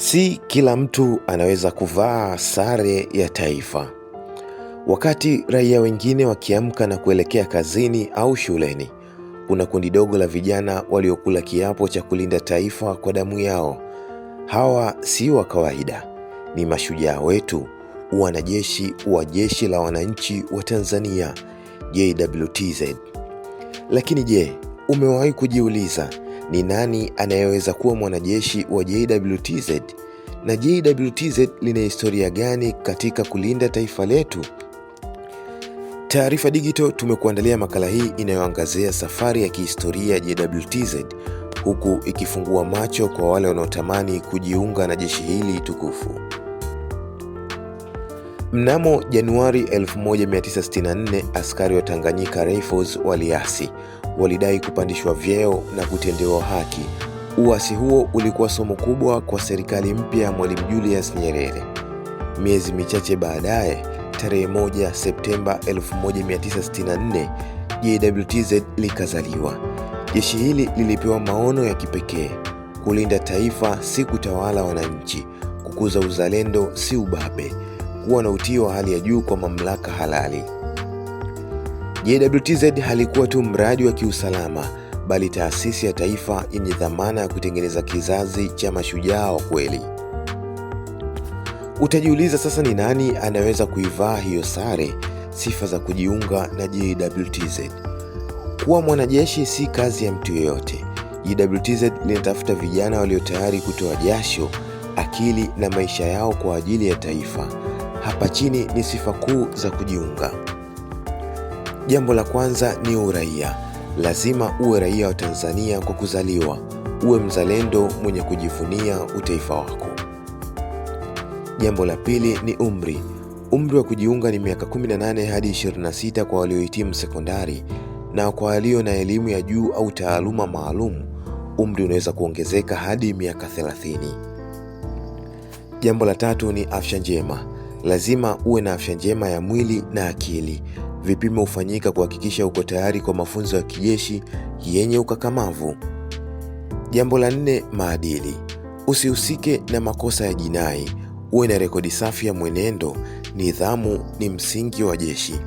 Si kila mtu anaweza kuvaa sare ya taifa. Wakati raia wengine wakiamka na kuelekea kazini au shuleni, kuna kundi dogo la vijana waliokula kiapo cha kulinda taifa kwa damu yao. Hawa si wa kawaida, ni mashujaa wetu, wanajeshi wa Jeshi la Wananchi wa Tanzania, JWTZ. Lakini je, umewahi kujiuliza ni nani anayeweza kuwa mwanajeshi wa JWTZ na JWTZ lina historia gani katika kulinda taifa letu? Taarifa Digital tumekuandalia makala hii inayoangazia safari ya kihistoria ya JWTZ huku ikifungua macho kwa wale wanaotamani kujiunga na jeshi hili tukufu. Mnamo Januari 1964 askari wa Tanganyika Rifles waliasi, walidai kupandishwa vyeo na kutendewa haki. Uasi huo ulikuwa somo kubwa kwa serikali mpya ya Mwalimu Julius Nyerere. Miezi michache baadaye, tarehe 1 Septemba 1964, JWTZ likazaliwa. Jeshi hili lilipewa maono ya kipekee: kulinda taifa si kutawala wananchi, kukuza uzalendo si ubabe kuwa na utii wa hali ya juu kwa mamlaka halali. JWTZ halikuwa tu mradi wa kiusalama, bali taasisi ya taifa yenye dhamana ya kutengeneza kizazi cha mashujaa wa kweli. Utajiuliza sasa, ni nani anaweza kuivaa hiyo sare? Sifa za kujiunga na JWTZ. Kuwa mwanajeshi si kazi ya mtu yeyote. JWTZ linatafuta vijana walio tayari kutoa jasho, akili na maisha yao kwa ajili ya taifa. Hapa chini ni sifa kuu za kujiunga. Jambo la kwanza ni uraia. Lazima uwe raia wa Tanzania kwa kuzaliwa, uwe mzalendo mwenye kujivunia utaifa wako. Jambo la pili ni umri. Umri wa kujiunga ni miaka 18 hadi 26 kwa waliohitimu sekondari, na kwa walio na elimu ya juu au taaluma maalum umri unaweza kuongezeka hadi miaka 30. Jambo la tatu ni afya njema lazima uwe na afya njema ya mwili na akili. Vipimo hufanyika kuhakikisha uko tayari kwa mafunzo ya kijeshi yenye ukakamavu. Jambo la nne, maadili. Usihusike na makosa ya jinai, uwe na rekodi safi ya mwenendo. Nidhamu ni msingi wa jeshi.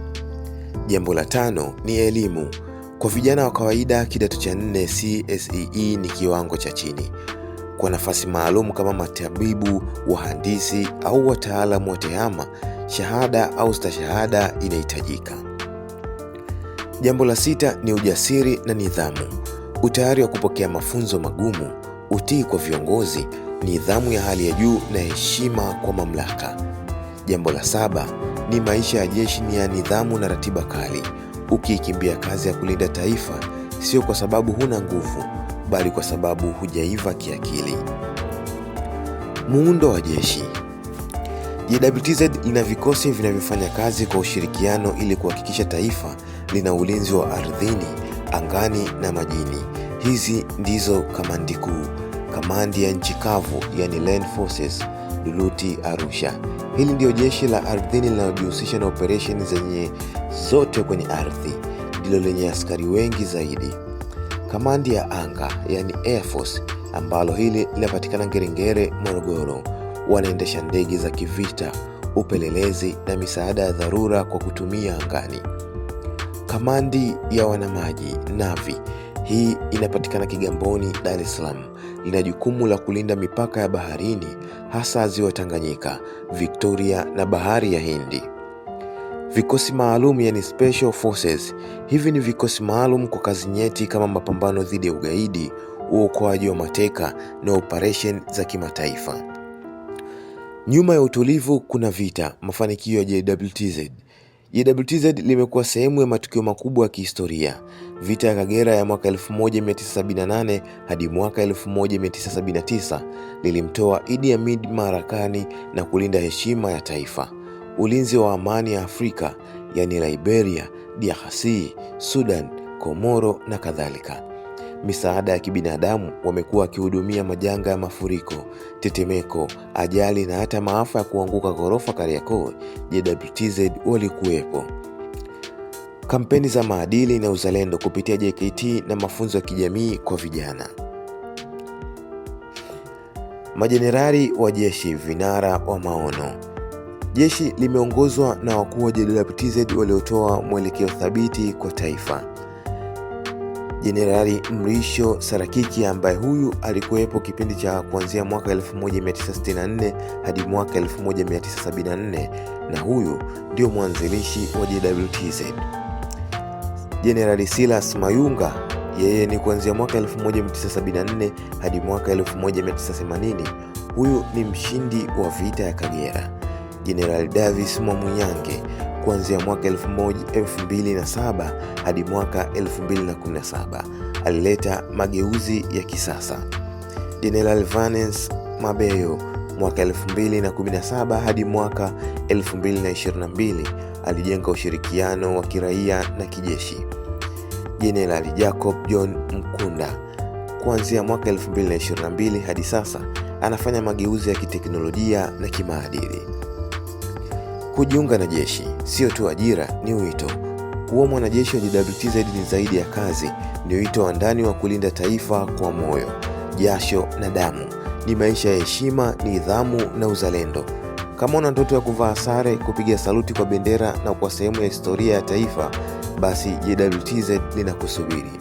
Jambo la tano ni elimu. Kwa vijana wa kawaida, kidato cha nne CSEE e ni kiwango cha chini kwa nafasi maalum kama matabibu, wahandisi au wataalamu wa tehama, shahada au stashahada inahitajika. Jambo la sita ni ujasiri na nidhamu, utayari wa kupokea mafunzo magumu, utii kwa viongozi, nidhamu ya hali ya juu na heshima kwa mamlaka. Jambo la saba ni maisha ya jeshi ni ya nidhamu na ratiba kali, ukiikimbia kazi ya kulinda taifa sio kwa sababu huna nguvu bali kwa sababu hujaiva kiakili. Muundo wa jeshi. JWTZ ina vikosi vinavyofanya kazi kwa ushirikiano ili kuhakikisha taifa lina ulinzi wa ardhini, angani na majini. Hizi ndizo kamandi kuu: kamandi ya nchi kavu, yani Land Forces, Duluti Arusha. Hili ndiyo jeshi la ardhini linalojihusisha na operesheni zenye zote kwenye ardhi, ndilo lenye askari wengi zaidi kamandi ya anga yani Air Force ambalo hili linapatikana Ngerengere, Morogoro, wanaendesha ndege za kivita, upelelezi na misaada ya dharura kwa kutumia angani. Kamandi ya wanamaji Navi hii inapatikana Kigamboni, Dar es Salaam, lina jukumu la kulinda mipaka ya baharini, hasa ziwa Tanganyika, Victoria na bahari ya Hindi. Vikosi maalum yani special forces. Hivi ni vikosi maalum kwa kazi nyeti kama mapambano dhidi ya ugaidi, uokoaji wa mateka na operation za kimataifa. Nyuma ya utulivu kuna vita. Mafanikio ya JWTZ. JWTZ limekuwa sehemu ya matukio makubwa ya kihistoria. Vita ya Kagera ya mwaka 1978 hadi mwaka 1979 lilimtoa Idi Amin madarakani na kulinda heshima ya taifa ulinzi wa amani ya Afrika, yani Liberia, DRC, Sudan, Komoro na kadhalika. Misaada ya kibinadamu wamekuwa wakihudumia majanga ya mafuriko, tetemeko, ajali na hata maafa ya kuanguka ghorofa Kariakoo. JWTZ walikuwepo. Kampeni za maadili na uzalendo kupitia JKT na mafunzo ya kijamii kwa vijana. Majenerali wa jeshi vinara wa maono Jeshi limeongozwa na wakuu wa JWTZ waliotoa mwelekeo thabiti kwa taifa. Jenerali Mrisho Sarakiki ambaye huyu alikuwepo kipindi cha kuanzia mwaka 1964 hadi mwaka 1974 na huyu ndio mwanzilishi wa JWTZ. Jenerali Silas Mayunga yeye ni kuanzia mwaka 1974 hadi mwaka 1980. Huyu ni mshindi wa vita ya Kagera. Jenerali Davis Mwamunyange kuanzia mwaka 2007 hadi mwaka 2017 alileta mageuzi ya kisasa. Jenerali vanes Mabeyo mwaka 2017 hadi mwaka 2022 alijenga ushirikiano wa kiraia na kijeshi. Jenerali Jacob John Mkunda kuanzia mwaka 2022 hadi sasa anafanya mageuzi ya kiteknolojia na kimaadili. Kujiunga na jeshi sio tu ajira, ni wito. Kuwa mwanajeshi wa JWTZ ni zaidi ya kazi, ni wito wa ndani wa kulinda taifa kwa moyo, jasho na damu. Ni maisha ya heshima, nidhamu na uzalendo. Kama una ndoto ya kuvaa sare, kupiga saluti kwa bendera na kwa sehemu ya historia ya taifa, basi JWTZ linakusubiri.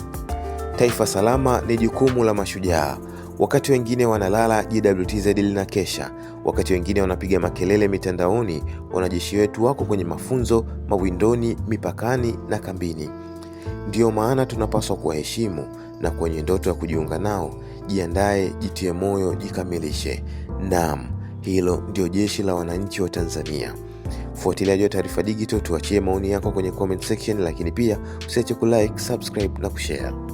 Taifa salama ni jukumu la mashujaa. Wakati wengine wanalala, JWTZ linakesha. Wakati wengine wanapiga makelele mitandaoni, wanajeshi wetu wako kwenye mafunzo mawindoni, mipakani na kambini. Ndiyo maana tunapaswa kuwaheshimu na kwenye ndoto ya kujiunga nao, jiandaye jitie moyo, jikamilishe. Naam, hilo ndio jeshi la wananchi wa Tanzania. Fuatiliaji ya Taarifa Digital, tuachie maoni yako kwenye comment section, lakini pia usiache kulike, subscribe na kushare.